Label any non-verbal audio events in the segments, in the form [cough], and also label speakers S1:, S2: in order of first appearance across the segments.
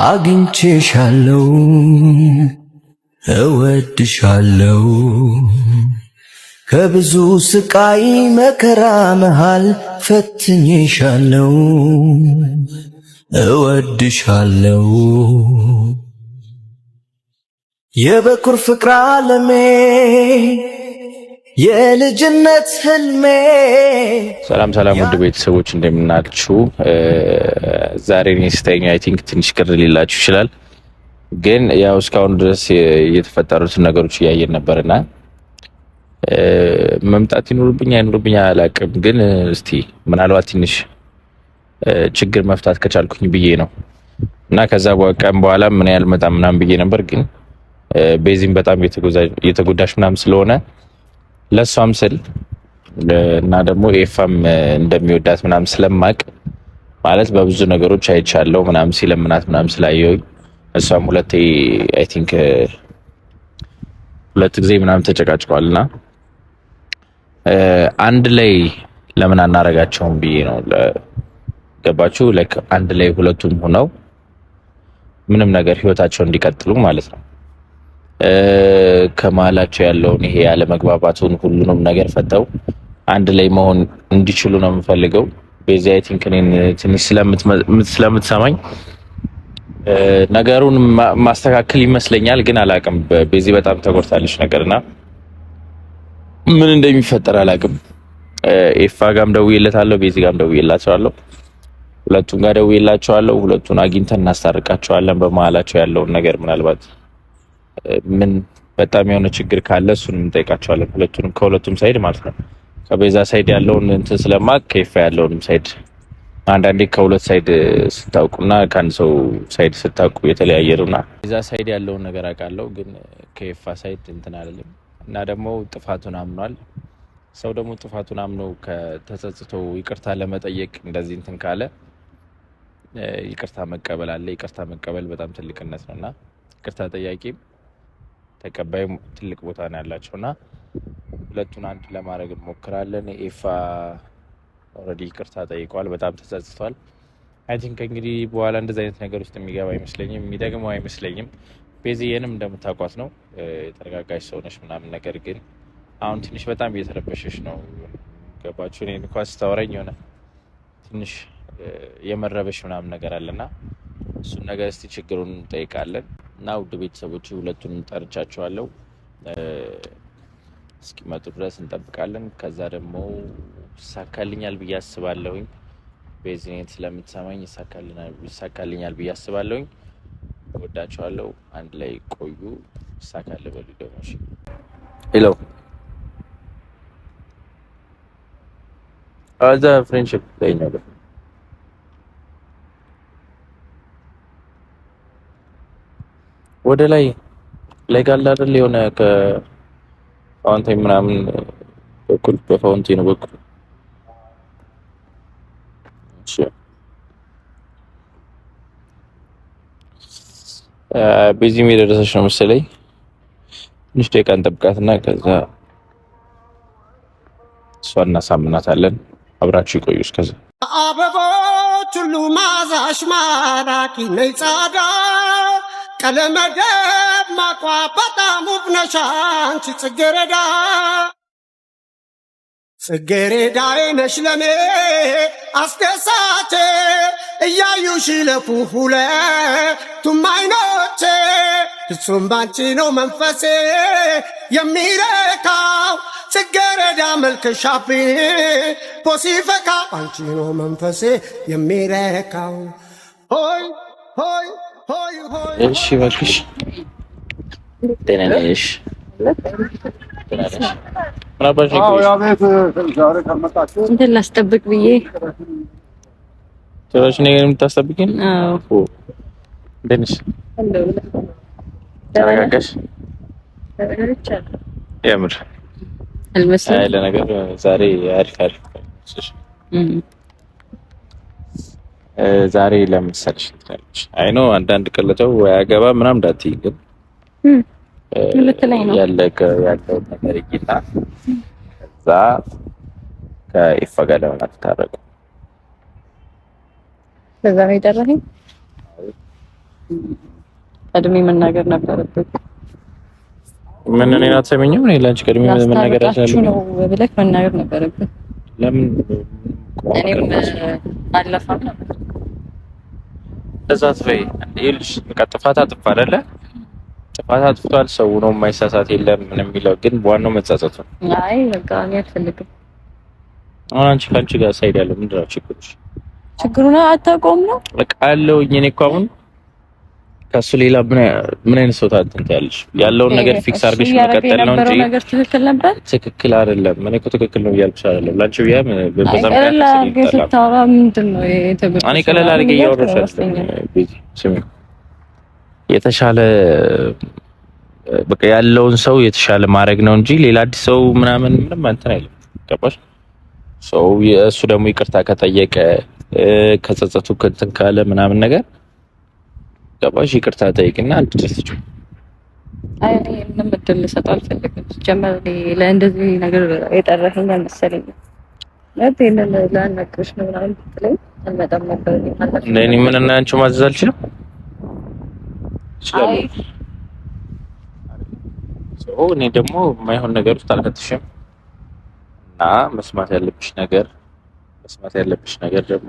S1: አግኝቼሻለው እወድሻለው ከብዙ ስቃይ መከራ መሃል ፈትኜሻለው እወድሻለው የበኩር ፍቅር ዓለሜ የልጅነት ህልሜ።
S2: ሰላም ሰላም፣ ውድ ቤተሰቦች እንደምናችሁ። ዛሬ ኔስተኛ አይ ቲንክ ትንሽ ቅር ሊላችሁ ይችላል፣ ግን ያው እስካሁን ድረስ የተፈጠሩትን ነገሮች እያየን ነበርና መምጣት ይኖርብኝ አይኖርብኝ አላቅም፣ ግን እስቲ ምናልባት ትንሽ ችግር መፍታት ከቻልኩኝ ብዬ ነው እና ከዛ ቀን በኋላ ምን ያህል መጣ ምናምን ብዬ ነበር፣ ግን ቤዚም በጣም የተጎዳሽ ምናምን ስለሆነ ለእሷም ስል እና ደግሞ ኤፋም እንደሚወዳት ምናምን ስለማቅ ማለት በብዙ ነገሮች አይቻለው ምናም ሲለምናት ምናም ስላየውኝ እሷም ሁለቴ አይ ቲንክ ሁለት ጊዜ ምናምን ተጨቃጭቋል እና አንድ ላይ ለምን አናረጋቸውም ብዬ ነው። ገባችሁ? አንድ ላይ ሁለቱም ሆነው ምንም ነገር ህይወታቸውን እንዲቀጥሉ ማለት ነው። ከመሀላቸው ያለውን ይሄ ያለመግባባቱን ሁሉንም ነገር ፈተው አንድ ላይ መሆን እንዲችሉ ነው የምፈልገው። ቤዛ አይ ቲንክ እኔን ትንሽ ስለምትሰማኝ ነገሩን ማስተካከል ይመስለኛል፣ ግን አላቅም። ቤዚ በጣም ተጎድታለች ነገርና ምን እንደሚፈጠር አላቅም። ኤፋ ጋም ደውዬላታለሁ፣ ቤዚ ጋም ደውዬላቸዋለሁ፣ ሁለቱን ጋር ደውዬላቸዋለሁ። ሁለቱን አግኝተን እናስታርቃቸዋለን። በመሀላቸው ያለውን ነገር ምናልባት ምን በጣም የሆነ ችግር ካለ እሱንም እንጠይቃቸዋለን። ሁለቱንም ከሁለቱም ሳይድ ማለት ነው። ከቤዛ ሳይድ ያለውን እንትን ስለማቅ ከይፋ ያለውንም ሳይድ አንዳንዴ ከሁለት ሳይድ ስታውቁና ከአንድ ሰው ሳይድ ስታውቁ የተለያየ ነውና ቤዛ ሳይድ ያለውን ነገር አውቃለሁ፣ ግን ከይፋ ሳይድ እንትን አይደለም እና ደግሞ ጥፋቱን አምኗል። ሰው ደግሞ ጥፋቱን አምኖ ከተጸጽቶ ይቅርታ ለመጠየቅ እንደዚህ እንትን ካለ ይቅርታ መቀበል አለ። ይቅርታ መቀበል በጣም ትልቅነት ነው እና ይቅርታ ጠያቂም ተቀባይ ትልቅ ቦታ ነው ያላቸው እና ሁለቱን አንድ ለማድረግ እንሞክራለን። ኤፋ ኦልሬዲ ይቅርታ ጠይቋል፣ በጣም ተጸጽቷል። አይ ቲንክ እንግዲህ በኋላ እንደዚ አይነት ነገር ውስጥ የሚገባ አይመስለኝም፣ የሚጠቅመው አይመስለኝም። ቤዚየንም እንደምታውቋት ነው የተረጋጋች ሰውነች ምናምን ነገር ግን አሁን ትንሽ በጣም እየተረበሸች ነው። ገባችሁ? እኔ እንኳ ስታወራኝ የሆነ ትንሽ የመረበሽ ምናምን ነገር አለና እሱን ነገር እስቲ ችግሩን እንጠይቃለን። እና ውድ ቤተሰቦች ሁለቱንም ጠርቻቸዋለሁ። እስኪመጡ ድረስ እንጠብቃለን። ከዛ ደግሞ ይሳካልኛል ብዬ አስባለሁኝ። ቤዝኔት ስለምትሰማኝ ይሳካልኛል ብዬ አስባለሁኝ። ወዳቸዋለሁ። አንድ ላይ ቆዩ። ይሳካል በሉ ደግሞ ሄሎ አዛ ፍሬንድሽፕ ላይ ነው ወደ ላይ ላይ ጋር አይደል የሆነ ከፋውንቴን ምናምን በኩል በፋውንቴን በኩል እሺ በዚህም የደረሰች ነው መሰለኝ። ትንሽ ደቂቃ እንጠብቃትና ከዛ እሷ እናሳምናታለን። አብራችሁ ይቆዩ። እስከዛ
S1: አበቦች ሁሉ ማዛሽ ማራኪ ነይ ጻዳ ቀለመ ደማቋ በጣም ውብ ነሽ አንቺ ጽጌረዳ ጽጌረዳዬ ነሽ ለኔ አስደሳቼ እያዩሽ ይለፉ ሁለቱም አይኖቼ ፍጹም ባንቺ ነው መንፈሴ የሚረካው ጽጌረዳ መልክሽ አብቦ ባንቺ ነው መንፈሴ የሚረካው ሆይ ሆይ
S2: እሺ እባክሽ ጤና ነሽ?
S3: እንትን ላስጠብቅ ብዬ
S2: ጭራሽ እኔ የምታስጠብቂኝ? እንዴት ነሽ? ተረጋጋሽ? የምር አልመሰለኝም። ለነገሩ ዛሬ አሪፍ አሪፍ ዛሬ ለምሳሌሽ ትላለች። አይ ነው አንዳንድ ቀለጠው ምናም ዳት ምናምን እንዳትዪ ግን ያለቀ ያለው ነገር ይታ እዛ ከኢፋ ጋር ለምን አትታረቁ?
S3: ለዛ ነው ደረሰኝ ቀድሜ መናገር ነበረብህ።
S2: ምን እኔን አትሰሚኝም? እኔ ላንቺ ቀድሜ መናገር አልቻለሁ
S3: ነው ብለህ መናገር ነበረብህ። ለምን እኔም አለፋም ነበር
S2: እዛ ትበይ ጥፋት አጥፋ አይደለ ጥፋት አጥፍቷል። ሰው ነው የማይሳሳት የለም የሚለው ግን ዋናው መጻጸቱ
S3: ነው። አይ በቃ እኔ አልፈልግም።
S2: አሁን አንቺ ከአንቺ ጋር ሳይድ ያለው ምንድን ነው ችግሩ?
S3: ችግሩን አታውቀውም ነው
S2: በቃ አለውኝ እኔ እኮ አሁን ከሱ ሌላ ምን አይነት ሰው ታጥንታለሽ? ያለውን ነገር ፊክስ አድርገሽ መቀጠል ነው እንጂ ትክክል አይደለም። ምን እኮ ትክክል ነው እያልኩሽ አይደለም። ላንቺ ቢያም በዛም እኔ ቀለል አድርጌ እያወራሁሽ የተሻለ በቃ ያለውን ሰው የተሻለ ማድረግ ነው እንጂ ሌላ አዲስ ሰው ምናምን ምንም እንትን አይልም። ገባሽ? ሰው እሱ ደግሞ ይቅርታ ከጠየቀ ከጸጸቱ እንትን ካለ ምናምን ነገር ካገባሽ ይቅርታ ጠይቅና አድርሰች።
S3: አይ እኔ ምንም እድል ልሰጥ አልፈልግም። ሲጀመር ለእንደዚህ ነገር የጠራኸኝ አልመሰለኝም። ማለት ይሄንን ላናግርሽ ነው ምናምን ብትለኝ አልመጣም
S2: ነበር። እኔ ምን እና አንቺ ማዘዝ አልችልም። አይ እኔ ደግሞ የማይሆን ነገር ውስጥ አልከትሽም እና መስማት ያለብሽ ነገር መስማት ያለብሽ ነገር ደግሞ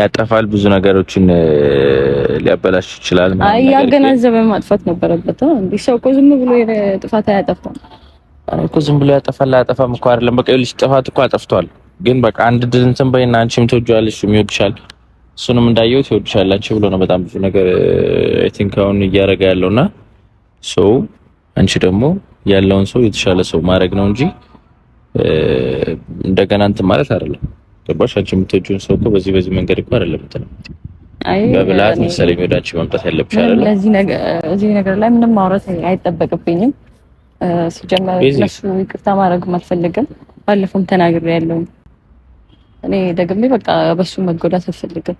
S2: ያጠፋል፣ ብዙ ነገሮችን ሊያበላሽ ይችላል።
S3: አይ ያገናዘበ ማጥፋት ነበረበት። እንዴ ሰው እኮ ዝም ብሎ ጥፋት አያጠፋም
S2: እኮ ዝም ብሎ ያጠፋል። አያጠፋም እኮ አይደለም። በቃ ይኸውልሽ፣ ጥፋት እኮ አጠፍቷል፣ ግን በቃ አንድ ድል እንትን በይና አንቺም ትወጂዋለሽ፣ ይወድሻል፣ እሱንም እንዳየው ይወድሻል አንቺ ብሎ ነው በጣም ብዙ ነገር አይ ቲንክ አሁን እያደረገ ያለውና ሶ አንቺ ደግሞ ያለውን ሰው የተሻለ ሰው ማድረግ ነው እንጂ እንደገና እንትን ማለት አይደለም። ገባሽ? አንቺ የምትወጂውን ሰው እኮ በዚህ በዚህ መንገድ እኮ አይደለም የምትለው በብልሃት መሰለኝ ወደ አንቺ መምጣት ያለብሽ
S3: አይደለም። ለዚህ ነገር እዚህ ነገር ላይ ምንም ማውራት አይጠበቅብኝም። ሲጀመር እነሱ ይቅርታ ማድረግም አልፈልግም። ባለፈውም ያለው እኔ ደግሜ በቃ በሱ መጎዳት አልፈልግም።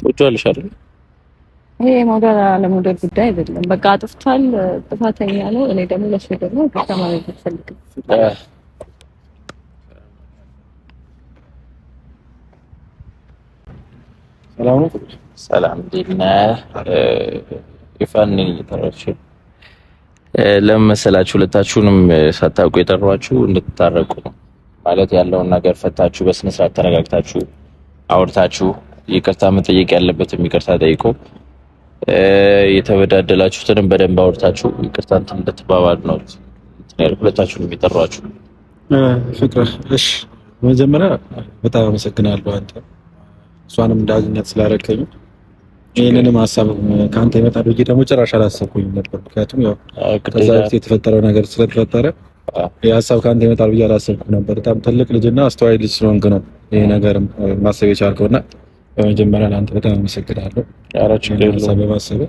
S2: ትወጂዋለሽ አይደል?
S3: ይሄ ሞዴል አለሞዴል ጉዳይ አይደለም። በቃ አጥፍቷል፣ ጥፋተኛ ነው። እኔ ደግሞ ለሱ ደግሞ ይቅርታ ማድረግ አልፈልግም።
S2: ሰላም ነው። ሰላም እንዴት ነህ? ይፋን እየጠራችሁ ለምን መሰላችሁ? ሁለታችሁንም ሳታውቁ የጠሯችሁ እንድትታረቁ ነው ማለት ያለውን ነገር ፈታችሁ በስነ ስርዓት ተረጋግታችሁ አውርታችሁ ይቅርታ መጠየቅ ያለበትም ይቅርታ ጠይቆ የተበዳደላችሁትንም በደንብ አውርታችሁ ይቅርታ እንትን እንድትባባል ነው ሁለታችሁንም የጠሯችሁ። ፍቅር እሺ፣ መጀመሪያ በጣም አመሰግናለሁ አንተ እሷንም እንዳገኛት ስላደረከኝ ይህንንም ሀሳብ ከአንተ ይመጣል ብዬ ደግሞ ጭራሽ አላሰብኩኝ ነበር። ምክንያቱም ያው ከዛ በፊት የተፈጠረው ነገር ስለተፈጠረ የሀሳብ ከአንተ ይመጣል ብዬ አላሰብኩም ነበር። በጣም ትልቅ ልጅና አስተዋይ ልጅ ስለሆንክ ነው ይህ ነገር ማሰብ የቻልከው እና በመጀመሪያ ለአንተ በጣም አመሰግናለሁ ሀሳብ በማሰብ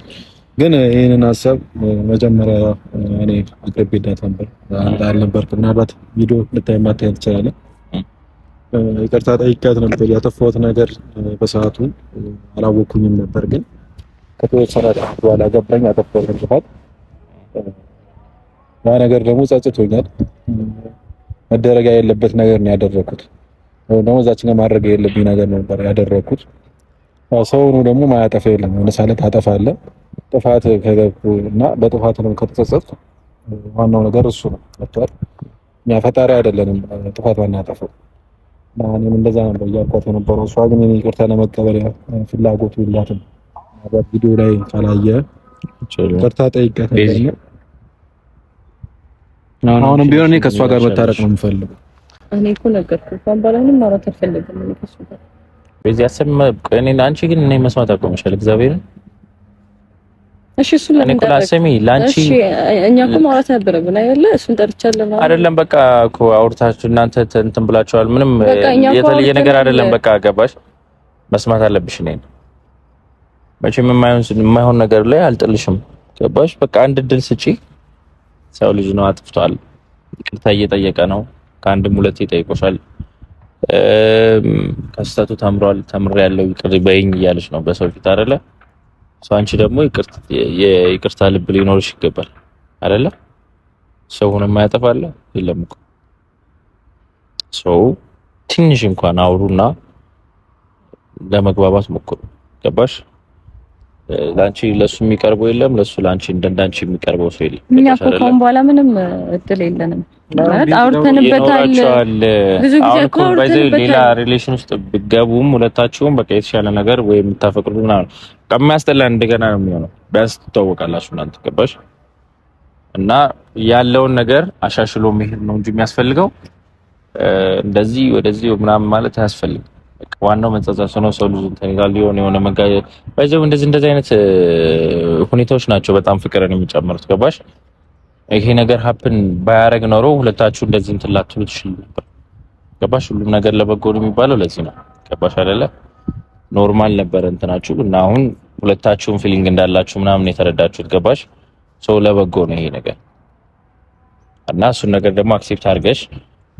S2: ግን ይህንን ሀሳብ መጀመሪያ እኔ አቅርቤላት ነበር። አንተ አልነበርክ። ምናልባት ቪዲዮ ልታይ ማታየት ትችላለህ ይቅርታ ጠይቄያት ነበር። ያጠፋሁት ነገር በሰዓቱ አላወኩኝም ነበር፣ ግን ከተወሰነ በኋላ ገባኝ ያጠፋሁትን ጥፋት። ያ ነገር ደግሞ ጸጽቶኛል። መደረግ የለበት ነገር ነው ያደረኩት፣ ደግሞ እዛችን ማድረግ የለብኝ ነገር ነበር ያደረኩት። ሰው ነው ደግሞ ማያጠፋ የለም። የሆነ ሰዓት ታጠፋለህ። ጥፋት ከገቡ እና በጥፋት ነው ከተጸጸትኩ፣ ዋናው ነገር እሱ ነው። ፈጣሪ አይደለንም ጥፋት ባናጠፋው እኔም እንደዛ ነበር እያልኳት የነበረው። እሷ ግን እኔ ይቅርታ ለመቀበሪያ ፍላጎቱ የላትም። በቪዲዮ ላይ ካላየ ይቅርታ ጠይቀት ነበር። አሁንም ቢሆን እኔ ከእሷ ጋር መታረቅ ነው የምፈልገው።
S3: እኔ እኮ ነገርኩህ፣ እንኳን ባላይንም ማውራት አልፈለግም እኔ ጋር
S2: በዚህ አሰብ። እኔ አንቺ ግን እኔ መስማት አቆምሻል። እግዚአብሔርን እሺ እሱ ለምን ስሚ፣ ላንቺ እሺ
S3: እኛ እኮ ማውራት ነበረብን አይደለ? እሱን ጠርቻለሁ
S2: አይደለም። በቃ እኮ አውርታችሁ እናንተ እንትን ብላችኋል። ምንም የተለየ ነገር አይደለም። በቃ ገባሽ? መስማት አለብሽ። እኔ መቼም የማይሆን ነገር ላይ አልጥልሽም። ገባሽ? በቃ አንድ እድል ስጪ። ሰው ልጅ ነው፣ አጥፍቷል። ይቅርታ እየጠየቀ ነው። ከአንድም ሁለቴ ይጠይቆሻል። ከስተቱ ተምሯል። ተምሬያለሁ ይቅር በይኝ እያለች ነው በሰው ፊት አይደለ? አንቺ ደግሞ ይቅርታ ልብ ሊኖርሽ ይገባል አይደለ? ሰው ሆኖ የማያጠፋ አለ የለም እኮ ሰው ትንሽ እንኳን አውሩና ለመግባባት ሞክሩ። ገባሽ? ለአንቺ ለሱ የሚቀርበው የለም፣ ለሱ ለአንቺ እንደንዳንቺ የሚቀርበው ሰው የለም።
S3: እኛ እኮ ከአሁን በኋላ ምንም እድል የለንም። ማለት አውርተንበታል
S2: ብዙ ጊዜ እኮ ሌላ ሪሌሽን ውስጥ ብገቡም ሁለታችሁም በቃ የተሻለ ነገር ወይ የምታፈቅዱ ምናምን ከሚያስጠላ እንደገና ነው የሚሆነው። ቢያንስ ትተዋወቃላችሁ እናንተ ገባሽ እና ያለውን ነገር አሻሽሎ መሄድ ነው እንጂ የሚያስፈልገው እንደዚህ ወደዚህ ምናምን ማለት አያስፈልግም። ዋናው መጸጸት ነው። ሰው ልጅ እንትን ይላል የሆነ የሆነ መጋየት ባይዘው እንደዚህ እንደዚህ አይነት ሁኔታዎች ናቸው በጣም ፍቅርን የሚጨምሩት ገባሽ? ይሄ ነገር ሀፕን ባያረግ ኖሮ ሁለታችሁ እንደዚህ እንትን ላትሉ ትችሉ ነበር። ገባሽ? ሁሉም ነገር ለበጎ ነው የሚባለው ለዚህ ነው። ገባሽ አይደለ? ኖርማል ነበር እንትናችሁ እና አሁን ሁለታችሁም ፊሊንግ እንዳላችሁ ምናምን የተረዳችሁት ገባሽ? ሰው ለበጎ ነው ይሄ ነገር እና እሱን ነገር ደግሞ አክሴፕት አድርገሽ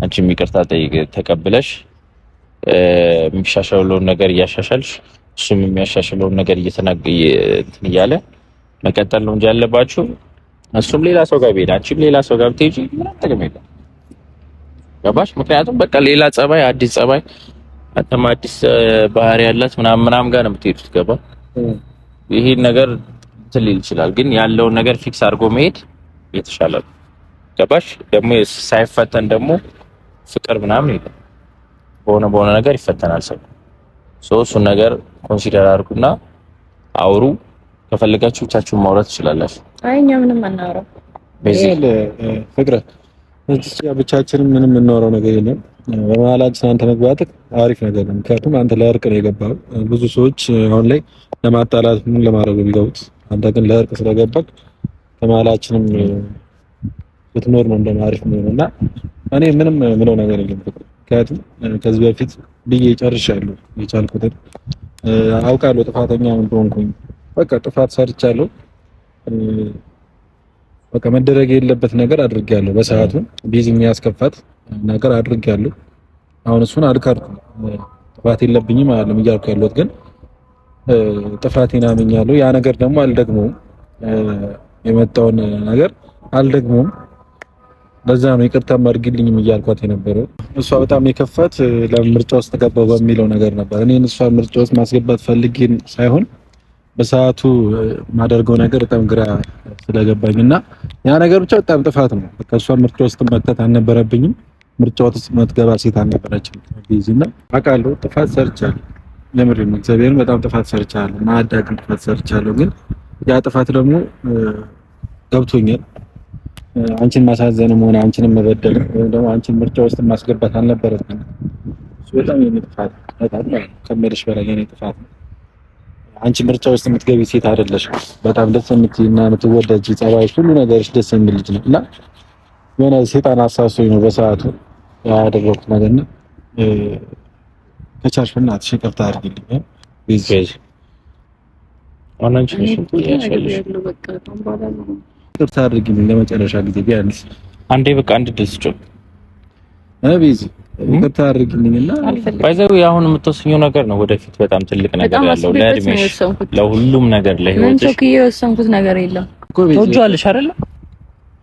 S2: አንቺም ይቅርታ ተቀብለሽ የሚሻሻለውን ነገር እያሻሻልሽ እሱም የሚያሻሽለውን ነገር እንትን እያለ መቀጠል ነው እንጂ ያለባችሁ እሱም ሌላ ሰው ጋር ብሄድ አንቺም ሌላ ሰው ጋር ብትሄጂ ምንም ጥቅም የለም። ገባሽ? ምክንያቱም በቃ ሌላ ጸባይ፣ አዲስ ጸባይ፣ አንተም አዲስ ባህሪ ያላት ምናምን ምናምን ጋር ነው የምትሄዱት። ገባ? ይሄን ነገር ትልል ይችላል፣ ግን ያለውን ነገር ፊክስ አድርጎ መሄድ የተሻለ ነው። ገባሽ? ደግሞ ሳይፈተን ደግሞ ፍቅር ምናምን የለም። በሆነ በሆነ ነገር ይፈተናል ሰው። እሱን ነገር ኮንሲደር አድርጉና አውሩ። ከፈለጋችሁ ብቻችሁን ማውራት ትችላላችሁ።
S3: አይ እኛ ምንም አናወራም።
S2: ቤዚክ ፍቅረ እዚህ ብቻችንም ምንም የምናወራው ነገር የለም። በመሀላችን አንተ መግባት አሪፍ ነገር ነው። ምክንያቱም አንተ ለእርቅ ነው የገባው። ብዙ ሰዎች አሁን ላይ ለማጣላት ምን ለማድረግ የሚገቡት፣ አንተ ግን ለእርቅ ስለገባክ በመሀላችንም ብትኖር ነው እንደማሪፍ ነው እና እኔ ምንም ምለው ነገር የለም ፍቅረት ምክንያቱም ከዚህ በፊት ብዬ ጨርሻለሁ። የቻልኩትን አውቃለሁ ጥፋተኛ እንደሆንኩኝ። በቃ ጥፋት ሰርቻለሁ። በቃ መደረግ የለበት ነገር አድርጌያለሁ። በሰዓቱ ቤዝ የሚያስከፋት ነገር አድርጌያለሁ። አሁን እሱን አልካድኩም። ጥፋት የለብኝም አይደለም እያልኩ ያለሁት ግን ጥፋቴን አምኛለሁ። ያ ነገር ደግሞ አልደግመውም። የመጣውን ነገር አልደግመውም። በዛ ነው ይቅርታ አድርጊልኝም እያልኳት የነበረው። እሷ በጣም የከፋት ለምርጫ ውስጥ ገባው በሚለው ነገር ነበር። እኔን እሷ ምርጫ ውስጥ ማስገባት ፈልጌ ሳይሆን በሰዓቱ ማደርገው ነገር በጣም ግራ ስለገባኝ እና ያ ነገር ብቻ በጣም ጥፋት ነው። በቃ እሷ ምርጫ ውስጥ መክተት አልነበረብኝም። ምርጫ ውስጥ መትገባ ሴት አልነበረችም። ቢዝና አውቃለሁ፣ ጥፋት ሰርቻለሁ። የምር እግዚአብሔርን በጣም ጥፋት ሰርቻለሁ፣ ማዳግም ጥፋት ሰርቻለሁ። ግን ያ ጥፋት ደግሞ ገብቶኛል አንቺን ማሳዘንም ሆነ አንቺን መበደል ወይም ደግሞ አንቺን ምርጫ ውስጥ ማስገባት አልነበረብኝ። በጣም የኔ ጥፋት በጣም ከመለሽ በላይ የኔ ጥፋት። አንቺ ምርጫ ውስጥ የምትገቢ ሴት አይደለሽ። በጣም ደስ የምትይ እና የምትወደጂ ጸባይሽ፣ ሁሉ ነገርሽ ደስ የሚል ልጅ ነው እና የሆነ ሴጣን አሳሶኝ ነው በሰዓቱ ያደረኩት ነገር ነው። ከቻልሽ በእናትሽ ይቅርታ አድርጊልኝ። ቤዛ ዋናንቺ ነሽ ያሻለሽ ይቅርታ አድርጊልኝ ለመጨረሻ ጊዜ ቢያንስ አንዴ በቃ አንድ ድረስ ጮ አብይዝ ይቅርታ አድርጊልኝና ባይዘው አሁን የምትወስኙ ነገር ነው ወደፊት በጣም ትልቅ ነገር ያለው ለእድሜሽ፣ ለሁሉም ነገር
S3: ለህይወትሽ ምንም ነገር የለም። ትወጂዋለሽ አይደለ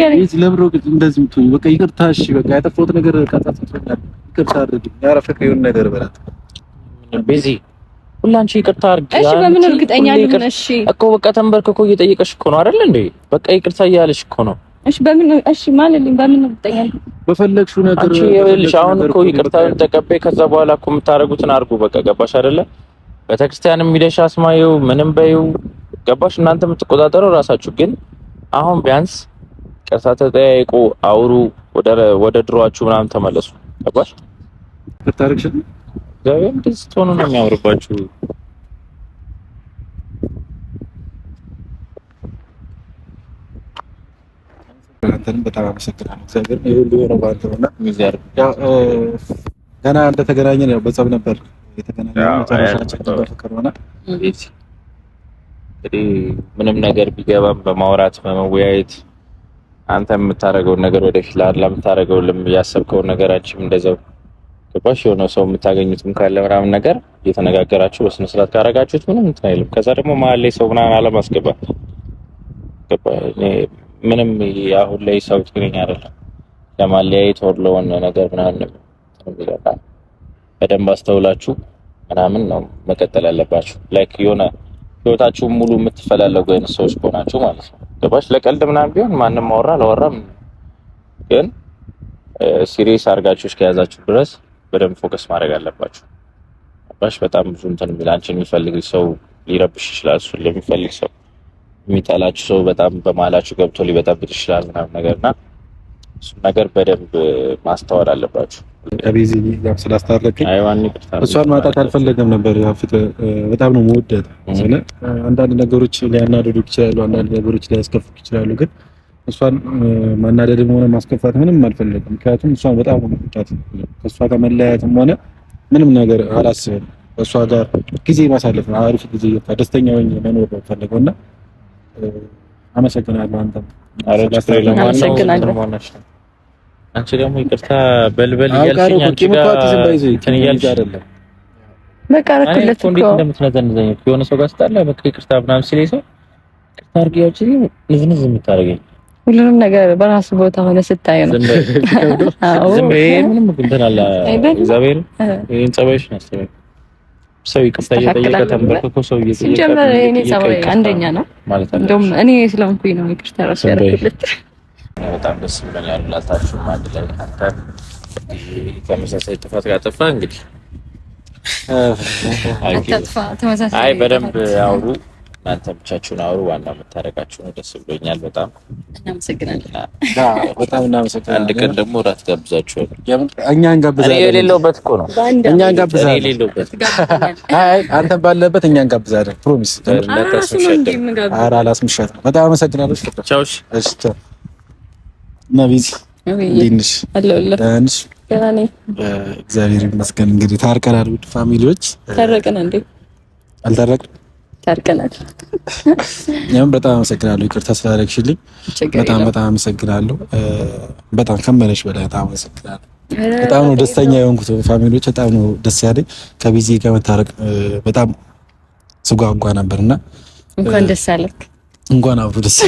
S2: ይሄ ለምሮ እንደዚህ ምትሆኝ በቃ ይቅርታ፣ እሺ በቃ ያጠፋሁት ነገር ካጣጥቶኛል፣ ይቅርታ አድርግ። ያረፈከ ይሁን ነገር በላት ቤዚ፣ ሁላንቺ ይቅርታ አድርግ። እሺ፣
S3: በምን እርግጠኛ ልሁን? እሺ
S2: እኮ በቃ ተንበርክኮ እየጠየቀሽ እኮ ነው አይደል እንዴ? በቃ ይቅርታ እያለሽ እኮ ነው።
S3: እሺ፣ በምን እሺ ማለልኝ? በምን እርግጠኛ ልሁን?
S2: በፈለግሽው ነገር አንቺ ይኸውልሽ፣ አሁን እኮ ይቅርታ ተቀበይ፣ ከዛ በኋላ እኮ የምታደርጉትን አድርጉ። በቃ ገባሽ አይደለ? ቤተክርስቲያንም ሂደሽ አስማየው ምንም በይው ገባሽ። እናንተ የምትቆጣጠረው ራሳችሁ ግን አሁን ቢያንስ ይቅርታ ተጠያይቁ፣ አውሩ፣ ወደ ድሯችሁ ምናምን ተመለሱ። ገባሽ? ብታረግሽል እግዚአብሔር እንደዚህ ስትሆኑ ነው የሚያምርባችሁ። አንተንም በጣም አመሰግናለሁ። እግዚአብሔር ነው ገና በጸብ ነበር መጨረሻችን ምንም ነገር ቢገባም በማውራት በመወያየት አንተ የምታደርገውን ነገር ወደፊት ለአላ የምታደርገው ልም ያሰብከውን ነገራችን እንደዛው ገባሽ የሆነ ሰው የምታገኙትም ካለ ምናምን ነገር እየተነጋገራችሁ በስነ ስርዓት ካረጋችሁት ምንም እንትን አይልም። ከዛ ደግሞ መሀል ላይ ሰው ምናምን አለማስገባት ምንም አሁን ላይ ሰው ትግርኛ አይደለም ለማለያየት ወር ነገር ምናምን በደንብ አስተውላችሁ ምናምን ነው መቀጠል ያለባችሁ። ላይክ የሆነ ህይወታችሁ ሙሉ የምትፈላለጉ አይነት ሰዎች ከሆናችሁ ማለት ነው። ገባሽ? ለቀልድ ምናምን ቢሆን ማንም ማወራ አላወራም፣ ግን ሲሪየስ አድርጋችሁ እስከያዛችሁ ድረስ በደንብ ፎከስ ማድረግ አለባችሁ። ገባሽ? በጣም ብዙ እንትን የሚል አንቺን የሚፈልግ ሰው ሊረብሽ ይችላል። እሱን ለሚፈልግ ሰው የሚጠላችሁ ሰው በጣም በመሀላችሁ ገብቶ ሊበጠብጥ ይችላል ምናምን ነገር እና እሱን ነገር በደንብ ማስተዋል አለባችሁ። ከቤዚ ጋር ስላስታረቀኝ እሷን ማጣት አልፈለገም ነበር። ፍቅር በጣም ነው መወደት። አንዳንድ ነገሮች ሊያናደዱ ይችላሉ፣ አንዳንድ ነገሮች ሊያስከፉ ይችላሉ። ግን እሷን ማናደድም ሆነ ማስከፋት ምንም አልፈለግም። ምክንያቱም እሷን በጣም ነው መወዳት። ከእሷ ጋር መለያየትም ሆነ ምንም ነገር አላስብም። እሷ ጋር ጊዜ ማሳለፍ ነው አሪፍ ጊዜ ደስተኛ ሆኜ መኖር ነው ፈለገው እና አመሰግናለሁ። አንተም
S3: አመሰግናለሁ።
S2: አንቺ ደግሞ ይቅርታ በልበል እያልሽኝ የሆነ ሰው ጋር በቃ ይቅርታ ምናምን ሲለኝ ሰው ይቅርታ ንዝንዝ የምታደርገኝ
S3: ሁሉንም ነገር በራሱ ቦታ ሆነ ስታይ ነው።
S2: ምንም ነው ሰው ይቅርታ እየጠየቀ ተንበርክኮ ሰው እየጠየቀ
S3: ጀመረ። እኔ ጸባይ አንደኛ ነው ማለት ነው። እንደውም እኔ ስለሆንኩኝ ነው ይቅርታ ራሱ ያደረኩለት
S2: በጣም ደስ ብሎኛል። ሁላታችሁም አንድ ላይ አንተ ተመሳሳይ ጥፋት ካጠፋ እንግዲህ አይ በደንብ አውሩ፣ እናንተ ብቻችሁን አውሩ። ዋናው የምታረቃችሁ ነው። ደስ ብሎኛል በጣም በጣም እናመሰግናለን። አንድ ቀን ደግሞ እራት ጋብዛችኋል። እኛ እንጋብዛለን። እኔ የሌለውበት እኮ ነው። እኛ እንጋብዛለን። አይ አንተም ባለበት እኛ እንጋብዛለን። ፕሮሚስ። አላስምሻት ነው። በጣም አመሰግናለሁ። ቻውሽ እና ቤዚ እንዴት እግዚአብሔር ይመስገን። እንግዲህ ታርቀናል። ውድ ፋሚሊዎች ታረቀን እንዴ? አልታረቅንም፣ ታርቀናል። እኛም በጣም አመሰግናለሁ ይቅርታ ስላደረግሽልኝ። በጣም በጣም አመሰግናለሁ። በጣም ከመለሽ በላይ በጣም አመሰግናለሁ። በጣም ነው ደስተኛ የሆንኩት ፋሚሊዎች፣ በጣም ነው ደስ ያለኝ ከቤዚ ጋር መታረቅ በጣም ስጓጓ ነበርና
S3: እንኳን ደስ አለክ።
S2: እንኳን አብሮ ደስ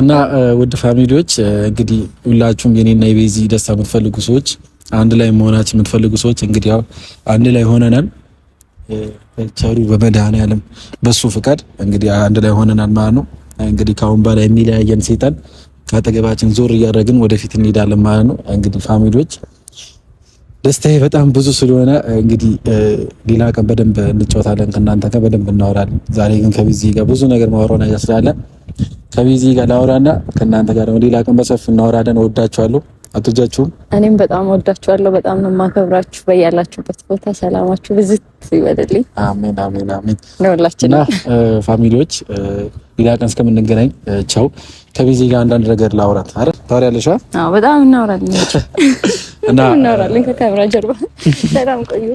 S2: እና ውድ ፋሚሊዎች እንግዲህ ሁላችሁም የኔና የቤዚ ደስታ የምትፈልጉ ሰዎች፣ አንድ ላይ መሆናችን የምትፈልጉ ሰዎች እንግዲህ ያው አንድ ላይ ሆነናል። ቸሩ በመድኃኔዓለም በሱ ፍቃድ እንግዲህ አንድ ላይ ሆነናል ማለት ነው። እንግዲህ ከአሁን በላይ የሚለያየን ሴጣን ከአጠገባችን ዞር እያደረግን ወደፊት እንሄዳለን ማለት ነው። እንግዲህ ፋሚሊዎች ደስታዬ በጣም ብዙ ስለሆነ እንግዲህ ሌላ ቀን በደንብ እንጫወታለን፣ ከእናንተ ጋር በደንብ እናወራለን። ዛሬ ግን ከቢዚ ጋር ብዙ ነገር ማወራው ነገር ስላለ ከቢዚ ጋር ላውራና ከእናንተ ጋር ደግሞ ሌላ ቀን በሰፊው እናወራለን። ወዳችኋለሁ። አትጃችሁም?
S3: እኔም በጣም ወዳችኋለሁ። በጣም ነው የማከብራችሁ። በያላችሁበት ቦታ ሰላማችሁ ብዝት ይበልልኝ።
S2: አሜን፣ አሜን፣ አሜን። እና ፋሚሊዎች፣ ሌላ ቀን እስከምንገናኝ ቻው። ከቢዚ ጋር አንዳንድ ነገር ላውራት አረ ታወሪያለሽ?
S3: አዎ፣ በጣም እናወራለን [laughs] እና እናወራለን ከካሜራ ጀርባ። [laughs] ሰላም ቆዩ።